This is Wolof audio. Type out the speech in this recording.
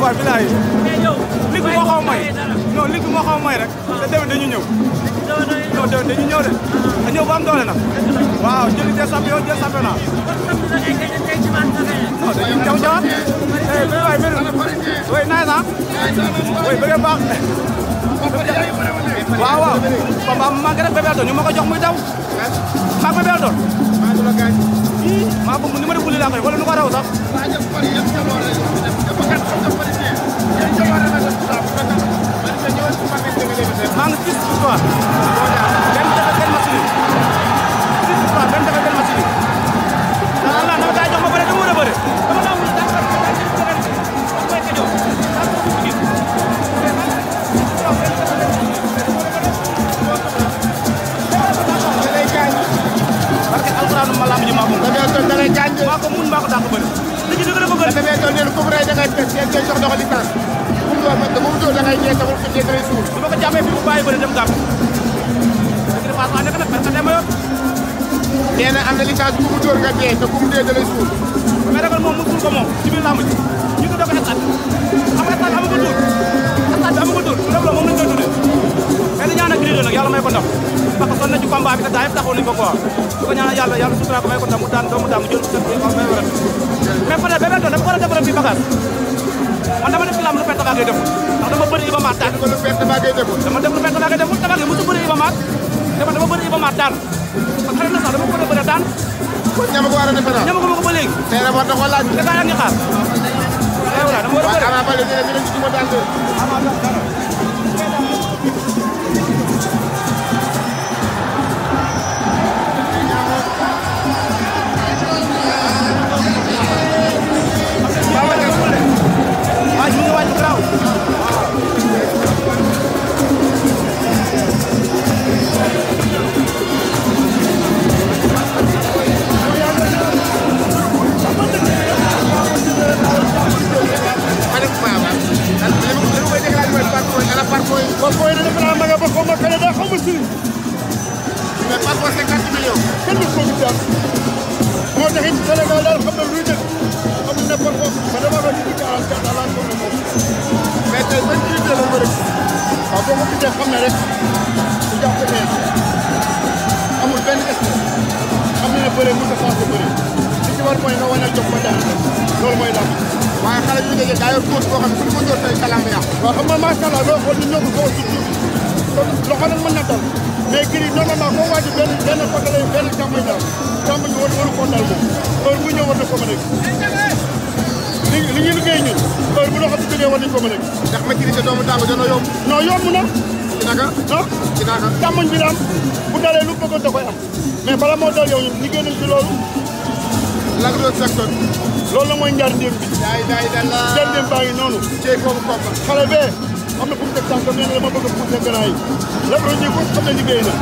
waa bilaay lig bi moo xaw may non lig moo xaw may rek ah. te déwén dañu ñëw non déwén dañu ñëw de a ah. ñëw ba doole nag waaw jëli des champion des championnat non dañuy jaw jawaat bilaay mbir na way bëgg baax waaw waaw maa ngi rek bébé doon ñu ma ko jox maa bébé doon Ладно, список, что? nee na am na licence bu mu dóor nga te bu mu dee da lay suul. mais ragal moom ko moom ci biir làmb ñu tuddee ko estat xam nga estat amu ko dóor estat bi amu ko dóor ndam la moom lañ koy tuddee. mais di ñaanal Gris 2 nag may ko ndam parce que sonn na ci combat bi te daa yëpp taxaw nañ ko ko ñaanal yàlla yàlla sutura ko may ko ndam mu daan doomu daan jël sa kii wax may waral. mais peut être man dama lu def ndax dama lu def dama def lu dama dama kon xanaa na sax dama ko war a bëri daan. kon ñama ko war a defee daal ñama ko ma ko ba léegi. tey rek war na ko laaj. te daa ngi xaar. waaw dama war a bëri waaw Ama Baldé dina dina ci duma daan yow kenn du ko gis moo taxit Sénégal daal xam na luy dëkk am na par rapport ba dama doon ñu dugg àll jàpp àll ko moom mais tey bañ ci la ko rek waaw boo ko gisee xam ne rek su jàpp ne amul benn espèce xam na ne bëre mu sa passé bëre li ci war mooy nga wane jox ko daal loolu mooy daal waaye xale yu dajee daa yor góor boo xam ne suñu ko door tey kàllaama yàq waaw xam nga macha allah loolu xool ñu ñoo ko xaw a suuf kon loxo nag mën na dal mais kii normalement koo waaj benn benn ko mën a li li ñu liggéey ñun heure bu loo xam si jógee war nañ ko mën a ndax maîtriser doomu daangu dana yomb non yomb na ci naka ah ci naka tàmmañ bi daam bu dalee lu bëggoon da koy am mais bala moo dal yow ñun liggéey nañ ci loolu Lac Rose secteur loolu la mooy njaar ndéem bi daay daay dala njaar ndéem baa ngi noonu cey kooku kooku xale bee am na fu mu teg tànk nee na la ma bëgg a poussé gannaaw yi Lac Rose ñi ko xam ne liggéey na